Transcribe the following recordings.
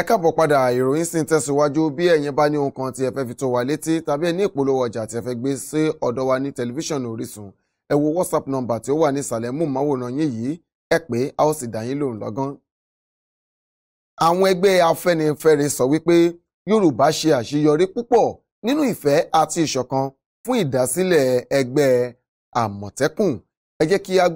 ẹ káàbọ̀ padà ìròyìn sì ń tẹ̀síwájú bí ẹ̀yin bá ní ohun kan tí ẹ fẹ́ fi tó wa létí tàbí ẹ ní ìpolówó ọjà tí ẹ fẹ́ gbé sí ọ̀dọ̀ wa ní tẹlifíṣàn Orísun ẹ wo WhatsApp nọ́mbà tí ó wà ní ìsàlẹ̀ mú máwòrán yín yìí ẹ pé a ó sì dá yín lóhùn lọ́gán. àwọn ẹgbẹ́ Afẹ́nifẹ́re sọ wípé Yorùbá ṣe àṣeyọrí púpọ̀ nínú ìfẹ́ àti ìṣọ̀kan fún ìdásílẹ̀ ẹgbẹ́ Àmọ̀tẹ́kùn ẹ jẹ́ kí a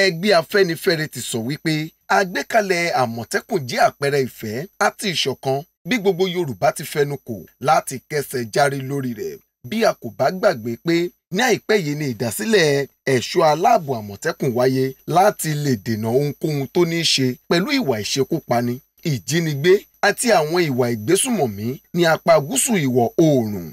ẹgbẹ́ afẹ́nifẹ́re ti sọ wípé àgbékalẹ̀ àmọ̀tẹ́kùn jẹ́ àpẹẹrẹ ìfẹ́ àti ìṣọ̀kan bí gbogbo yorùbá ti fẹnu kò láti kẹsẹ̀ járí lórí rẹ̀ bí a kò bá gbàgbé pé ní àìpẹ́ yìí ni ìdásílẹ̀ ẹ̀ṣọ́ aláàbò àmọ̀tẹ́kùn wáyé láti lè dènà ohunkóhun tó ní í ṣe pẹ̀lú ìwà ìṣekúpani ìjínigbé àti àwọn ìwà ìgbésùmọ̀mí ní apá gúúsù ìwọ̀ oòrùn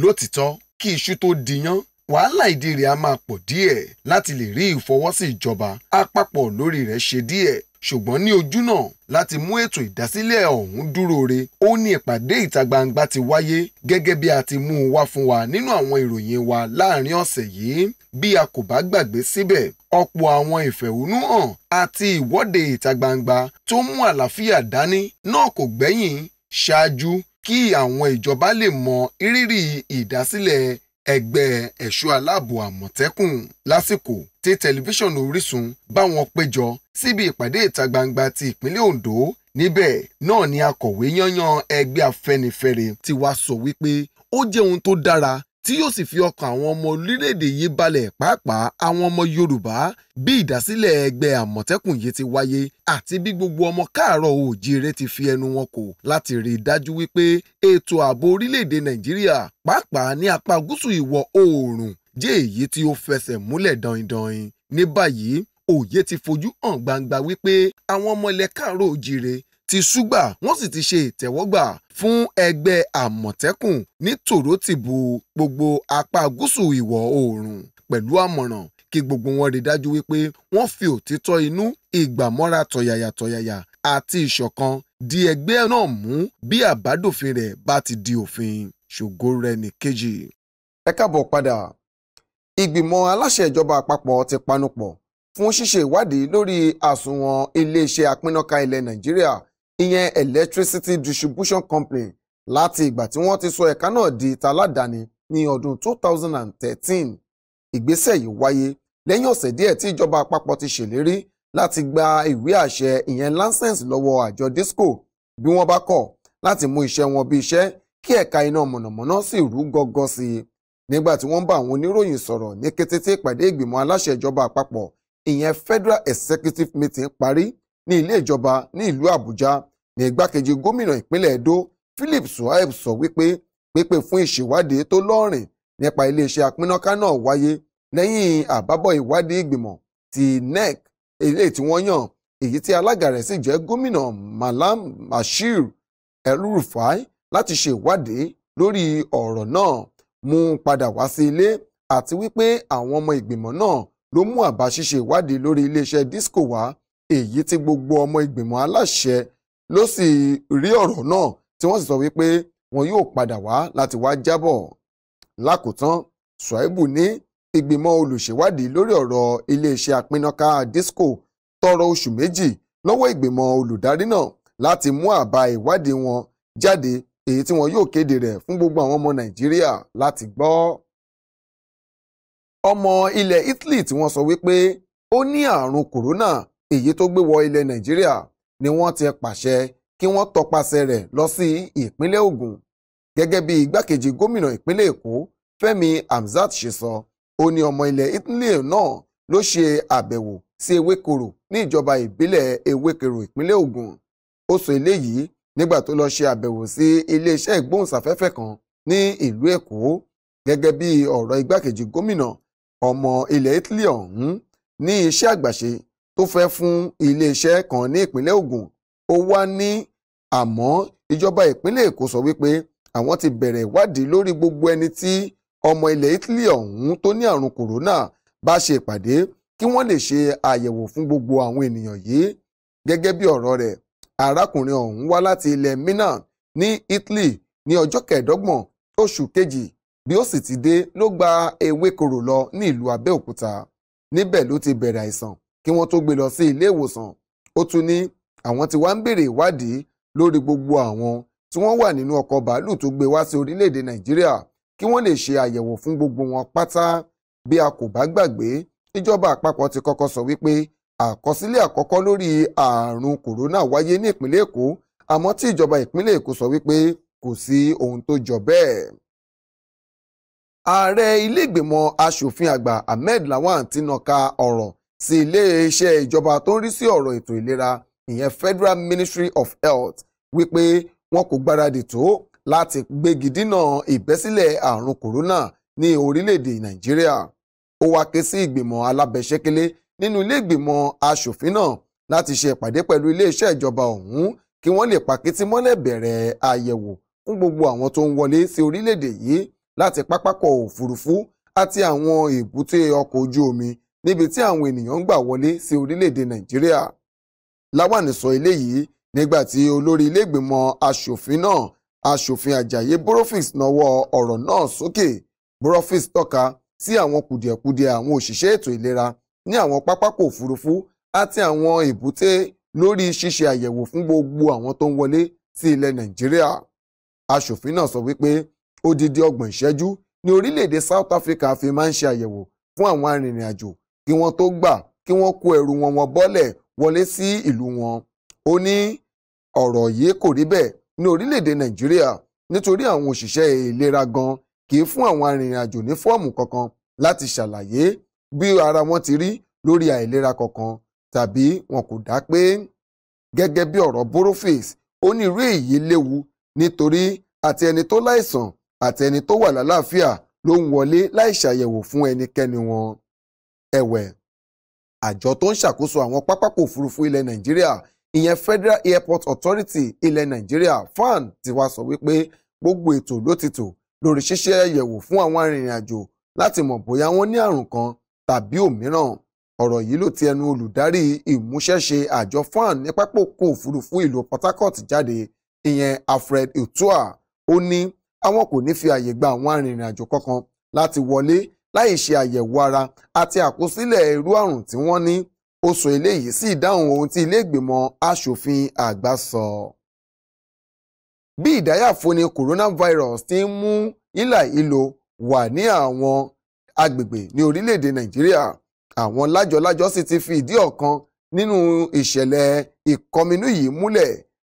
lótìtọ́ kí iṣu tó diyán wàhálà ìdí rẹ̀ á máa pọ̀ díẹ̀ láti lè rí ìfọwọ́sí ìjọba àpapọ̀ lórí rẹ̀ ṣe díẹ̀ ṣùgbọ́n ní ojú náà láti mú ètò ìdásílẹ̀ ọ̀hún dúró re ó ní ìpàdé ìta gbangba ti wáyé gẹ́gẹ́ bí a ti mú un wá fún wa nínú àwọn ìròyìn wa láàrin ọ̀sẹ̀ yìí bí a kò bá gbàgbé síbẹ̀ ọ̀pọ̀ àwọn ìfẹ̀hónúhàn àti ìwọ́de ìta gbangba tó mú àlàáfíà dání náà kò gbẹ́yìn ṣáájú kí àwọn ìjọba lè mọ ìrírí ìdásílẹ̀ ẹgbẹ́ ẹ̀ṣọ́ aláàbò àmọ̀tẹ́kùn lásìkò tí tẹlifíṣàn Orísun bá wọn péjọ síbi ìpàdé ìta gbangba ti ìpínlẹ̀ Ondo níbẹ̀ náà ni akọ̀wé yányán ẹgbẹ́ Afẹ́nifẹ́re ti wá sọ wípé ó jẹ́ ohun tó dára tí yóò sì fi ọkàn àwọn ọmọ orílẹ̀-èdè yìí balẹ̀ pàápàá àwọn ọmọ Yorùbá bí ìdásílẹ̀ ẹgbẹ́ Àmọ̀tẹ́kùn yìí ti wáyé àti bí gbogbo ọmọ káàárọ̀ oòjíire ti fi ẹnu wọn kò láti rí i dájú wípé ètò ààbò orílẹ̀-èdè Nàìjíríà pàápàá ní apá gúúsù ìwọ̀ oòrùn jẹ́ èyí tí ó fẹsẹ̀ múlẹ̀ daindain ní báyìí òye ti fojú hàn gbangba wípé àwọn ọmọ ilẹ̀ káàárọ̀ oòjíire ti ṣúgbà wọ́n sì ti ṣe ìtẹ́wọ́gbà fún ẹgbẹ́ àmọ̀tẹ́kùn ní tòrótìbù gbogbo apá gúúsù ìwọ̀ oòrùn pẹ̀lú àmọ̀ràn kí gbogbo wọn rí dájú wípé wọ́n fi òtítọ́ inú ìgbàmọ́ra tọ̀yàyà tọ̀yàyà àti ìṣọ̀kan di ẹgbẹ́ náà mú bí àbádòfin rẹ̀ bá ti di òfin ṣògo rẹ̀ ní kejì. ẹ káàbọ̀ padà ìgbìmọ̀ aláṣẹ ìjọba àpapọ̀ ti panupọ̀ fún ṣíṣe ìwádìí lórí àsùnwọ̀n iléeṣẹ́ apínnáka ilẹ̀ nàìjíríà ìyẹn electricity distribution company láti ìgbà tí wọ́n ti sọ ẹ̀ka náà di taládàáni ní ọdún 2013 ìgbésẹ̀ yìí wáyé lẹ́yìn ọ̀sẹ̀ díẹ̀ tí ìjọba àpapọ̀ ti ṣèlérí láti gba ìwé àṣẹ ìyẹn license lọ́wọ́ àjọ disco bí wọ́n bá kọ̀ láti mú iṣẹ́ wọn bí iṣẹ́ kí ẹ̀ka iná mọ̀nàmọ́ná sì rú gọ́gọ́ sí i nígbà tí wọ́n bá àwọn oníròyìn sọ̀rọ̀ ní kété tí ìpàdé ìgbìmọ̀ aláṣẹ ìjọba àpapọ̀ ìyẹn federal executive meeting parí ní ilé ìjọba ní ìlú Àbújá ní igbákejì gómìnà ìpínlẹ̀ Edo Philip Suhaib sọ wípé pípè fún ìṣèwádìí tó lọ́rìn nípa iléeṣẹ́ apínnáká náà wáyé lẹ́yìn àbábọ̀ ìwádìí ìgbìmọ̀ ti NEC eléyìí tí wọ́n yàn èyí tí alága rẹ̀ sì jẹ́ gómìnà Malam Bashir El-Rufai láti ṣe ìwádìí lórí ọ̀rọ̀ náà mú un padà wá sí ilé àti wípé àwọn ọmọ ìgbìmọ̀ náà ló mú àbá ṣíṣe ìwádìí lórí iléeṣẹ́ disco wá èyí tí gbogbo ọmọ ìgbìmọ̀ aláṣẹ ló sì rí ọ̀rọ̀ náà tí wọ́n sì sọ wípé wọn yóò padà wá láti wá jábọ̀ lákòótán Ṣùáìbù ní ìgbìmọ̀ olùṣèwádìí lórí ọ̀rọ̀ iléeṣẹ́ àpínnáká disco tọrọ oṣù méjì lọ́wọ́ ìgbìmọ̀ olùdarí náà láti mú àbá ìwádìí wọn jáde èyí tí wọn yóò kéde rẹ̀ fún gbogbo àwọn ọmọ Nàìjíríà láti gbọ́. ọmọ ilẹ̀ Italy tí wọ́n sọ wípé ó ní àrùn kòrónà èyí tó gbé wọ ilẹ̀ nàìjíríà ni wọ́n ti pàṣẹ kí wọ́n tọpasẹ̀ rẹ̀ lọ sí ìpínlẹ̀ Ògùn gẹ́gẹ́ bí igbákejì gómìnà ìpínlẹ̀ Èkó Fẹ́mi Hamzat ṣe sọ ó ní ọmọ ilẹ̀ Italy náà ló ṣe àbẹ̀wò sí Ewékoro ní ìjọba ìbílẹ̀ Ewékoro ìpínlẹ̀ Ògùn ó sọ eléyìí nígbà tó lọ ṣe àbẹ̀wò sí iléeṣẹ́ ìgbóhùnsáfẹ́fẹ́ kan ní ìlú Èkó gẹ́gẹ́ bí ọ̀rọ̀ igbákejì gómìnà ọmọ ilẹ̀ Italy ọ̀hún ní iṣẹ́ àgbàṣe tó fẹ́ fún iléeṣẹ́ kan ní ìpínlẹ̀ Ògùn ó wá ní àmọ́ ìjọba ìpínlẹ̀ Èkó sọ wípé àwọn ti bẹ̀rẹ̀ ìwádìí lórí gbogbo ẹni tí ọmọ ilẹ̀ Italy ọ̀hún tó ní àrùn kòrónà bá ṣe ìpàdé kí wọ́n lè ṣe àyẹ̀wò fún gbogbo àwọn ènìyàn yìí gẹ́gẹ́ bí ọ̀rọ̀ rẹ̀ arákùnrin ọ̀hún wá láti ilẹ̀ Milan ní Italy ní ọjọ́ kẹẹ̀ẹ́dọ́gbọ̀n oṣù kejì bí ó sì ti dé ló gba ewékorò lọ ní ìlú Abẹ́òkúta níbẹ̀ ló ti bẹ̀rẹ̀ àìsàn kí wọ́n tó gbé lọ sí ilé ìwòsàn ó tún ní àwọn tí wá ń béèrè ìwádìí lórí gbogbo àwọn tí wọ́n wà nínú ọkọ̀ bàálù tó gbé wá sí orílẹ̀-èdè nàìjíríà kí wọ́n lè ṣe àyẹ̀wò fún gbogbo wọn pátá bí a kò bá gbàgbé ìjọba àpapọ̀ ti kọ́kọ́ sọ wípé àkọsílẹ̀ àkọ́kọ́ lórí ààrùn kòrónà wáyé ní ìpínlẹ̀ èkó àmọ́ tí ìjọba ìpínlẹ̀ èkó sọ wípé kò sí ohun tó jọ bẹ́ẹ̀. ààrẹ ilé ìgbìmọ̀ asòfin àgbà ahmed lawan ti nàka ọ̀rọ̀ sí iléeṣẹ́ ìjọba tó ń rí sí ọ̀rọ̀ ètò ìlera ìyẹn Federal Ministry of Health wípé wọn kò gbáradì tó láti gbégi dínà ìbẹ́sílẹ̀ àrùn kòrónà ní orílẹ̀-èdè Nàìjíríà ó wá ké sí ìgbìmọ̀ alábẹ́sẹ́kẹ́lé nínú ilé ìgbìmọ̀ asòfin náà láti ṣe ìpàdé pẹ̀lú iléeṣẹ́ ìjọba ọ̀hún kí wọ́n lè pàkítí mọ́lẹ̀ bẹ̀rẹ̀ àyẹ̀wò fún gbogbo àwọn tó ń wọlé sí orílẹ̀-èdè yìí láti pápákọ̀ òfurufú àti àwọn èbúté ọkọ̀ ojú omi níbi tí àwọn ènìyàn ń gbà wọlé sí orílẹ̀-èdè nàìjíríà láwàní sọ eléyìí nígbà tí olórí ilégbìmọ̀ asòfin náà asòfin àjàyè burofix nawọ́ ọ̀rọ̀ náà sókè burofix tọ́ka sí àwọn kùdìẹ̀kudiẹ àwọn òṣìṣẹ́ ètò ìlera ní àwọn pápákọ̀ òfurufú àti àwọn èbúté lórí ṣíṣe àyẹ̀wò fún gbogbo àwọn tó ń wọlé sí ilẹ̀ nàìjíríà asòfin náà sọ wípé odidi ọgbọ̀n ìṣẹ́jú ni orílẹ̀-èdè south africa fi máa ń ṣe àyẹ̀wò fún àwọn arìnrìn kí wọ́n tó gbà kí wọ́n kó ẹrù wọn wọn bọ́lẹ̀ wọlé sí ìlú wọn. ó ní ọ̀rọ̀ yìí kò rí bẹ́ẹ̀ ní orílẹ̀-èdè nàìjíríà nítorí àwọn òṣìṣẹ́ ìlera gan kì í fún àwọn arìnrìn-àjò ní fọ́ọ̀mù kankan láti ṣàlàyé bí ara wọn ti rí lórí àìlera kankan tàbí wọn kò dá pé gẹ́gẹ́ bí ọ̀rọ̀ boroface ó ní irú èyí léwu nítorí àti ẹni tó láìsàn àti ẹni tó wà lálàáfíà ló ń wọlé láì ṣàyẹ̀wò fún ẹnikẹ́ni wọn ẹ̀wẹ̀ àjọ tó ń ṣàkóso àwọn pápákọ̀ òfurufú ilẹ̀ nàìjíríà ìyẹn Federal Airport Authority ilẹ̀ nàìjíríà fan ti wá sọ wípé gbogbo ètò ló ti tò lórí ṣíṣe ẹ̀yẹ̀wò fún àwọn arìnrìn-àjò láti mọ̀ bóyá wọ́n ní àrùn kan tàbí òmíràn ọ̀rọ̀ yìí ló ti ẹnu olùdarí ìmúṣẹ́ṣe àjọ FAAN ní pápákọ̀ òfurufú ìlú Port Harcourt jáde ìyẹn Alfred Utua ó ní àwọn kò ní fi àyè gba àwọn arìnrìn-àjò kankan láti wọlé láì ṣe àyẹ̀wò ara àti àkọsílẹ̀ irú àrùn tí wọ́n ní ó sọ eléyìí sí ìdáhùn ohun tí ilé ìgbìmọ̀ asòfin àgbà sọ. bí ìdáyàfóni coronavirus ti ń mú ìlà ìlò wà ní àwọn agbègbè ní orílẹ̀-èdè nàìjíríà àwọn lájọlájọ sì ti fi ìdí ọ̀kan nínú ìṣẹ̀lẹ̀ ìkọminú yìí múlẹ̀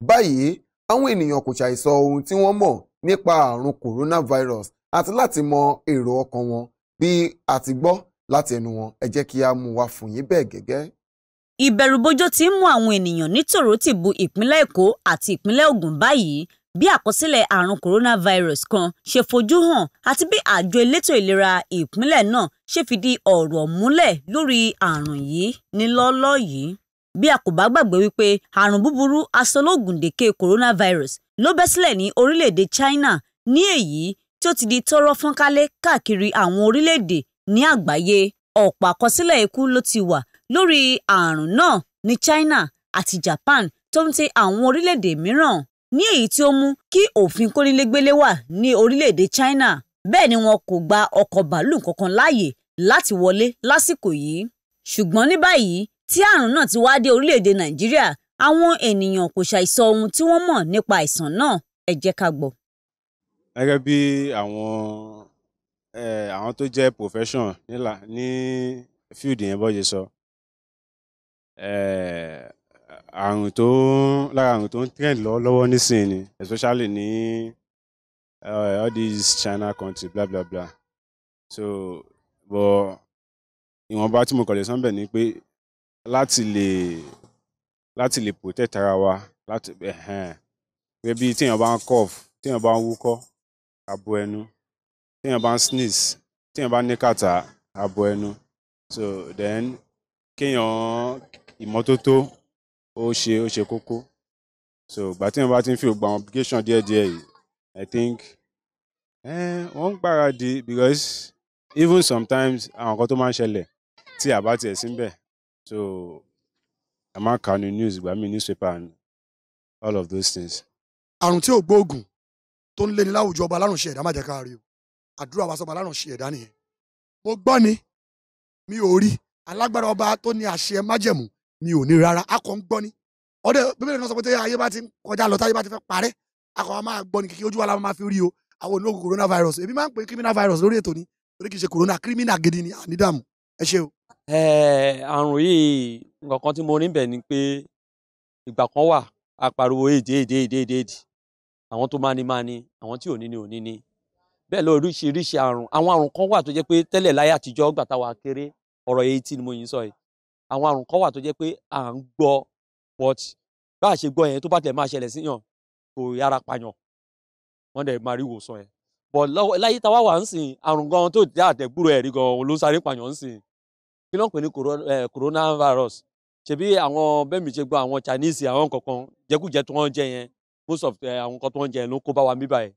báyìí àwọn ènìyàn kò ṣàìsọ ohun tí wọ́n mọ̀ nípa àrùn coronavirus àti láti mọ èrò ọkàn wọn bí a ti gbọ́ láti ẹnu wọn ẹ jẹ́ kí a mú wa fún yín bẹ́ẹ̀ gẹ́gẹ́. ìbẹ̀rùbojo ti ń mú àwọn ènìyàn ní tòró ti bu ìpínlẹ̀ èkó àti ìpínlẹ̀ ògùn báyìí bí àkọsílẹ̀ àrùn coronavirus kan ṣe fojú hàn àti bí àjọ elétò ìlera ìpínlẹ̀ náà ṣe fìdí ọ̀rọ̀ múlẹ̀ lórí àrùn yìí nílọ́lọ́ yìí bí a kò bá gbàgbé wípé àrùn búburú asológùndèké coronavirus ló bẹ́ sílẹ̀ ní orílẹ̀-èdè China ní èyí tí ó ti di tọ́rọ́ fọ́nkálé káàkiri àwọn orílẹ̀-èdè ní àgbáyé ọ̀pọ̀ àkọsílẹ̀ ikú ló ti wà lórí àrùn náà ní China àti Japan tó ń ti àwọn orílẹ̀-èdè mìíràn ní èyí tí ó mú kí òfin kónílégbélé wà ní orílẹ̀-èdè China bẹ́ẹ̀ ni wọn kò gba ọkọ̀ bàálù kankan láàyè láti wọlé lásìkò yìí ṣùgbọ́n ní báyìí tí àrùn náà ti wá dé orílẹ̀-èdè Nàìjíríà àwọn ènìyàn kò ṣàìsọ ohun tí wọ́n mọ̀ nípa àìsàn náà ẹ ká gbọ́. Gẹ́gẹ́ bí àwọn um àwọn tó jẹ́ profession nílà ní field yẹn bọ́n ṣe sọ um ààrùn tó lára ààrùn tó ń trend lọ́wọ́lọ́wọ́ nísìnyí ni especially ní all these China country bla bla bla so but ìwọ̀nba tí mo kàn lè sọ ńbẹ̀ ni pé láti lè láti lè protect ara wa láti um gẹ́gẹ́ bí téèyàn bá ń cough téèyàn bá ń wúkọ́ abo ẹnu téèyàn bá ń sneeze téèyàn bá ní kàtà abo ẹnu so then kéèyàn ìmọ́tótó ó ṣe ó ṣe kókó so ìgbà téèyàn bá ti ń fi ògbà àwọn obligation díẹ̀díẹ̀ yìí I think eh, wọ́n ń gbáradì because even sometimes àwọn kan tó máa ń ṣẹlẹ̀ tí àbá tiẹ̀ síbẹ̀ so a máa ń kà ní news ìgbà míì newspaper and all of those things. àrùn tí ò gbóògùn tó ń léni láwùjọ ọba alárùn ṣe ẹ̀dá má jẹ́ ká rí o àdúrà wa sọba alárùn ṣe ẹ̀dá nìyẹn mo gbọ́ ni mi ò rí alágbára ọba tó ní àṣẹ májẹ̀mú mi ò ní rárá a kàn ń gbọ́ ni ọdẹ bíbélì náà sọ pé ayé bá ti ń kọjá lọ táyé bá ti fẹ́ parẹ́ a kàn máa gbọ́ ni kìkì ojú wa la máa fi rí o àwọn onígun coronavirus èmi máa ń pè coronavirus lórí ètò ni torí kì í ṣe corona criminal gidi ni ànídàmú ẹ ṣe o. àrùn yìí nǹkan kan tí mo rí bẹ̀ ni pé ìgbà kan wà a pariwo èdè èdè èdè èdè àwọn tó máa ní máa ní àwọn tí ò ní ní ò ní ní bẹ́ẹ̀ lọ oríṣiríṣi àrùn àwọn àrùn kan wà tó jẹ́ pé tẹ́lẹ̀ láyé àtijọ́ gbà táwa kéré ọ̀rọ̀ èyí tí mo yìí sọ yìí àwọn àrùn kan wà tó jẹ́ pé à ń gbọ́ but bá a ṣe gbọ́ yẹn tó bá tẹ̀ máa ṣẹlẹ̀ síyàn kò yára pààyàn wọ́n dẹ̀ máa rí ìwòsàn yẹn but láyé táwa wà ń sìn àrùn gan tó jẹ́ àtẹ̀gbúrò ẹ̀rí gan ló sáré pààyàn ń sìn kí ló ń pè ní coronavirus ṣebí àwọn most of eh, àwọn kan tó ń jẹ ló ń kó bá wa mí báyìí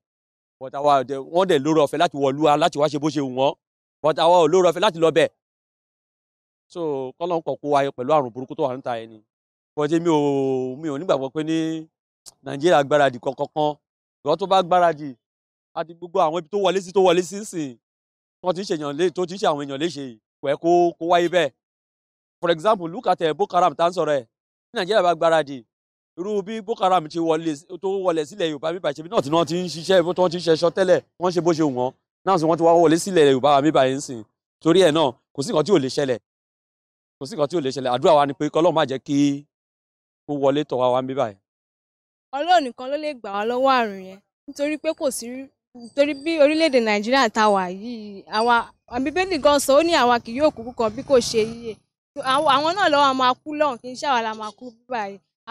but àwa wọ́n dẹ̀ lórí ọ̀fẹ́ láti wọ̀lúwa láti wá ṣe bó ṣe wù wọ́n but àwa ò lórí ọ̀fẹ́ láti lọ bẹ̀ so kọ́lọ́ ń kọ̀ kó wa pẹ̀lú àrùn burúkú tó wà níta ẹni but mi ò mi ò nígbàgbọ́ pé ní Nàìjíríà gbáradì kankan ìwọ́n tó bá gbáradì àti gbogbo àwọn ibi tó wọlé sí tó wọlé sí sìn tó ti ń ṣe èèyàn lé tó ti ń ṣe àwọn èèyàn léṣe pẹ̀ kó kó wáyé bẹ́ẹ̀ for example look at eh, Boko Haram tá ń sọ̀rọ̀ ẹ̀ ní Nàìjíríà bá gbáradì irú bí Boko Haram ti wọlé tó wọlé sílẹ̀ Yorùbá bíbá ìṣẹ́bí náà tí wọ́n ti ń ṣiṣẹ́ tó wọ́n ti ń ṣẹṣọ tẹ́lẹ̀ wọ́n ṣe bó ṣe wọ́n náà sì wọ́n ti wá wọlé sílẹ̀ Yorùbá bíbá yìí ń sìn torí ẹ̀ náà kò sí nǹkan tí ò lè ṣẹlẹ̀ kò sí nǹkan tí ò lè ṣẹlẹ̀ àdúrà wa ni pé kọ́lọ́ má jẹ́ kí ó wọlé tọ̀ wá wá bíbá yìí. Ọlọ́run nìkan ló lè gbà wá lọ́wọ́ àrùn yẹn nítorí pé kò sí nítorí bí orílẹ̀-èdè Nàìjíríà ta wà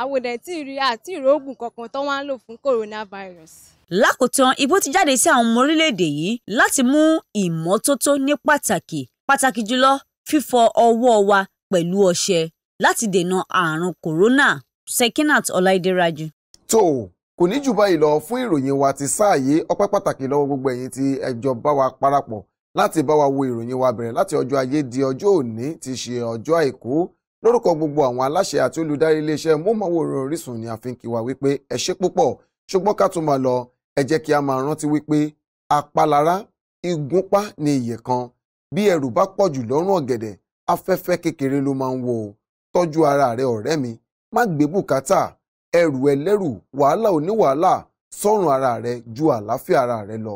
àwòdẹ̀ tí ì àti ìrógùn kankan tó wá ń lò fún coronavirus. lákòótán ìbò ti jáde sí àwọn ọmọ orílẹ̀-èdè yìí láti mú ìmọ́tótó ní pàtàkì pàtàkì jùlọ fífọ ọwọ́ wa pẹ̀lú ọṣẹ láti dènà àrùn corona Sekinat Ọláìdéraju. tó o kò ní jù báyìí lọ fún ìròyìn wa ti sáà yìí ọpẹ́ pàtàkì lọ́wọ́ gbogbo ẹ̀yin tí ẹ bá wa parapọ̀ láti bá wa wo ìròyìn wa bẹ̀rẹ̀ láti ọjọ́ ajé di ọjọ́ òní ti ṣe ọjọ́ àìkú lórúkọ gbogbo àwọn aláṣẹ àti olùdarí iléeṣẹ́ móhùnmáwòrán Orísun ni a fi ń kí wa wípé ẹ ṣe púpọ̀ ṣùgbọ́n ká tó máa lọ ẹ jẹ́ kí a máa rántí wípé àpalára ìgúnpá ni ìyẹ̀ kan bí ẹrù bá pọ̀ jù lọ́rùn ọ̀gẹ̀dẹ̀ afẹ́fẹ́ kékeré ló máa ń wọ̀ o tọ́jú ara rẹ ọ̀rẹ́ mi má gbé bùkátà ẹrù ẹlẹ́rù wàhálà oníwàhálà sọ́rùn ara rẹ ju àlàáfíà ara rẹ lọ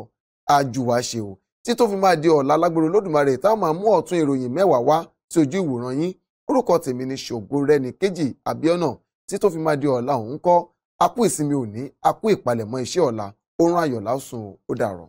àjùwà ṣe o tí fi máa di ọ̀la lágbèrè Olódùmarè táwọn máa mú ọ̀tún ìròyìn mẹ́wàá wá sí ojú ìwòran yín orúkọ tèmi ni ṣògo rẹni kejì abiona tí tó fi máa di ọ̀la òun kọ́ a kú ìsinmi òní a kú ìpalẹ̀mọ́ iṣẹ́ ọ̀la oorun ayọ̀ lásùn ó dàrọ̀.